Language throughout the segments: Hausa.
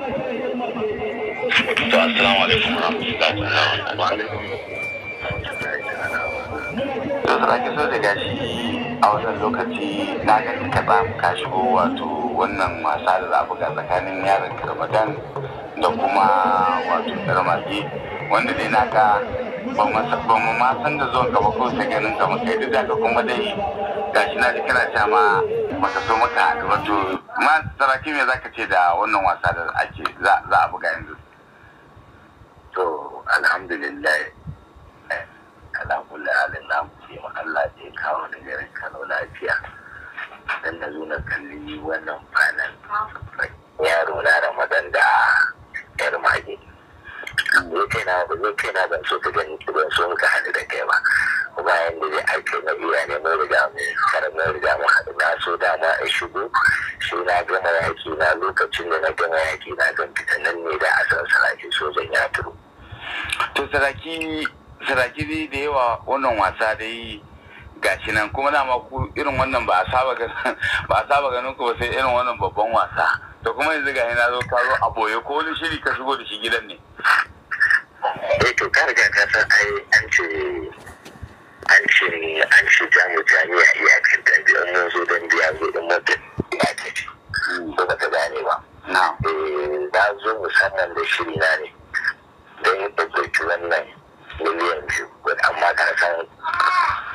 to assalamu alaikum so da gashi a wannan lokaci na ga ka ka shigo wato wannan wasa da za buga tsakanin yaron karmadan da kuma wato karmage wanda dai ka. ba mu ma san da zuwan gaba ko sai ganin ka muka yi da ka kuma dai gashi na ji kana ta ma baka so muka haɗu ba ma saraki me zaka ce da wannan wasa da ake za a buga yanzu to alhamdulillah ala kulli halin na ce Allah da ya kawo ni garin Kano lafiya dan na zo na kalli wannan na da zai na ban so ta gani ki don so muka haɗu da kai ba kuma yanda zai aiki na biya ne mai riga mun karar riga mai haɗu na so da na in shigo shi na gama yaƙi na lokacin da na gama yaƙi na gan fita nan ne da a san saraki sojan ya turo. to saraki saraki dai da yawa wannan wasa dai gashi nan kuma dama ku irin wannan ba a saba ba a saba ganin ku ba sai irin wannan babban wasa to kuma yanzu ga na zo ka zo a boye ko wani shiri ka shigo da shi gidan ne to ka riga ka san ai an ce an ce an ce jamu jami'a iyakar dambe in mun zo dambe ya zo in mutum iyakar ba ba ta gane ba eh, na zo nan da shiri na ne don yi ɗaukaki wannan miliyan biyu amma ka san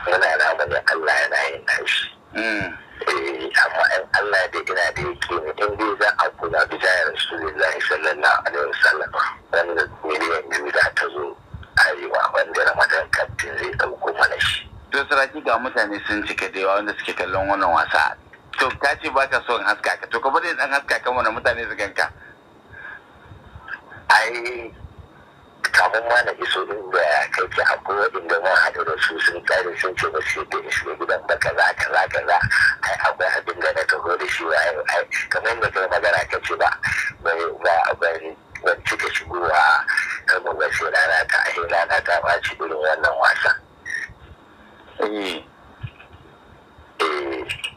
muna rama da Allah yana yin nashi mm. eh, amma in Allah da ina da yake ne in dai za a kula bisa cewa mutane sun cika da yawa wanda suke kallon wannan wasa to ta ce ba ka son haska ka to ka bari dan haska ka mana mutane su ganka ai kafin ma na iso din da kai ce akwai waɗanda ma haɗu da su sun tsare sun ce ba su da shi gidan ba kaza kaza kaza ai akwai abin da na taho da shi ai kamar yadda kai magana ka ce ba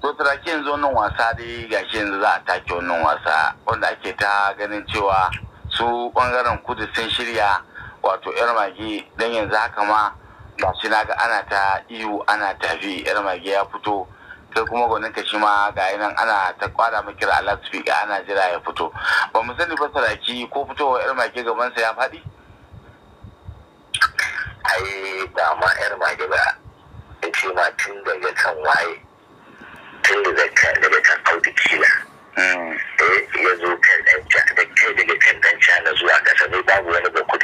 to ke yanzu wannan wasa dai gashi yanzu za a take wannan wasa wanda ake ta ganin cewa su bangaren kudu sun shirya wato yar mage dan yanzu haka ma ba shi na ga ana ta iyu ana tafi yar mage ya fito kai kuma gwanin ka shi ma ga nan ana ta kwada maki da alat ana jira ya fito ba mu sani ba saraki ko fitowa yar mage gaban sa ya faɗi ai ba ma yar mage ba ya ce ma tun daga kan waye tun da zakka daga kan audu kila mm. eh, ya zo kan dan daga kan dan cana zuwa kasa babu wani bakwai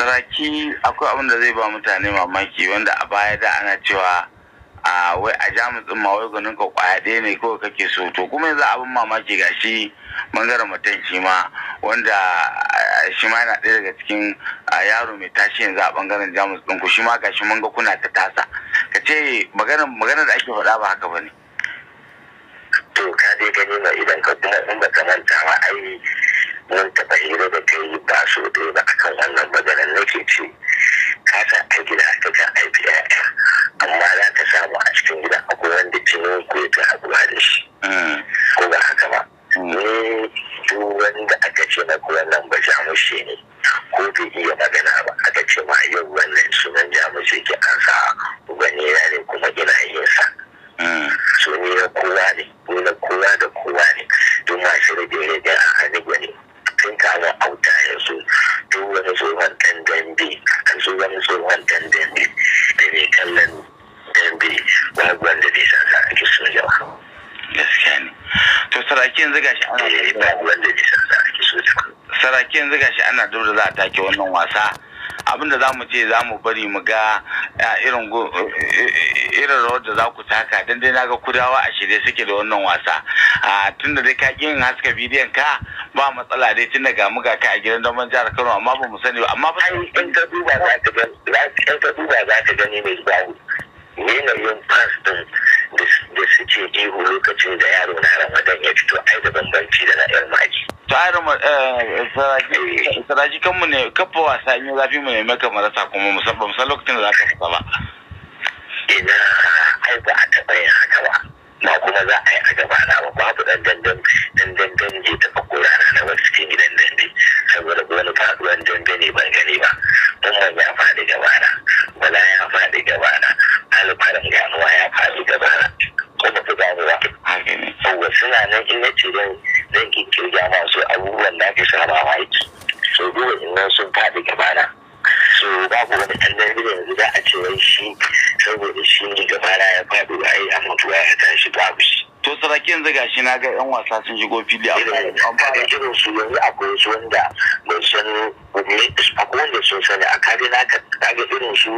saraki akwai abin da zai ba mutane mamaki wanda a baya da ana cewa a ah, wai a jamus din ma wai gwanin ka kwaya ɗaya ne kawai kake so to kuma yanzu abin mamaki ga shi bangaren mutum shi ma wanda ah, shi ma yana ɗaya daga cikin ah, yaro mai tashi yanzu a bangaren jamus ɗin ku shi ma ga shi manga kuna ta tasa ka ce maganar da ake faɗa ba haka ba ne. to ka dai gani ma idan ka tuna in ba ka ma ai mun taɓa hira da yi ba so ɗaya ba akan wannan maganar nake ce ka a gida ta ka aiki amma za ta samu a cikin gida akwai wanda jinin ku ya ta haɗuwa da shi. Mm. da zai san sa ake so jama'a gaskiya ne to saraki yanzu gashi ana eh, da wanda zai san sa ake so jama'a saraki yanzu gashi ana da za a take wannan wasa abinda za mu ce za mu bari mu ga irin eh, eh, irin rawar da za ku taka don dai na ga kudawa a shirye suke da wannan wasa a tun da dai ka yin haska bidiyon ka ba matsala dai tun da gamu ga ka a gidan don jihar kano amma ba mu sani ba amma ba in ka duba za ka gani mai zuwa daina yin fas din da suke ihu lokacin da yaro na ramadan ya fito ai da bambanci da na yan maki. tsarin eh, saraji eh. kanmu ne kafa wasa in zafi mu ne maka marasa kuma musamman san lokacin da za ka fita ba. ina ai ba a taɓa yin haka ba ba kuma za a yi a gaba na ba babu ɗan dandan dandan je taɓa korana na wasu idan ke kirga masu abubuwan da aka sama wa aiki so dole in nan sun faɗi na. so babu wani kallon gidan yanzu za a ce wai shi saboda shi ne gaba na ya faɗi wa ai a mutuwa ya tashi babu shi to sarki yanzu shi na ga yan wasa sun shigo fili a fara irin su yanzu akwai su wanda bai san akwai wanda sun sani a kare na kaga irin su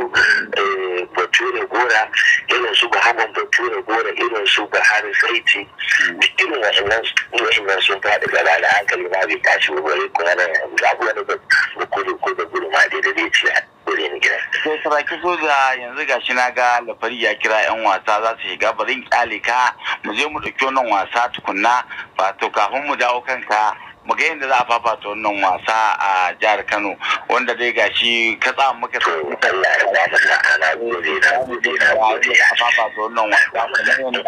eh, bature gora irin su bahaban bature wannan su buhari saiti duk irin wa'annan sun faɗi gaba da hankali na bai tashi wani kuma na ga wani da kudu ko da gudu ma daidai zai ci kure ni gida. sai so da yanzu gashi na ga lafari ya kira yan wasa za su shiga barin zan kyale ka mu je mu ɗauki wannan wasa tukunna ba to kafin mu dawo kanka mu ga yadda za a fafata wannan wasa a jihar Kano wanda dai gashi ka tsaya muka ya fafa da wasa kamar yadda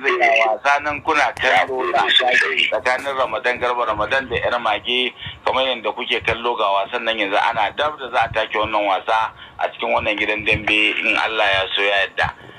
zai ya wasa nan kuna tsakanin Ramadan garba Ramadan da yar mage kamar yadda kuke kallo ga wasan nan yanzu ana dab da za a take wannan wasa a cikin wannan gidan dambe in Allah ya so ya yarda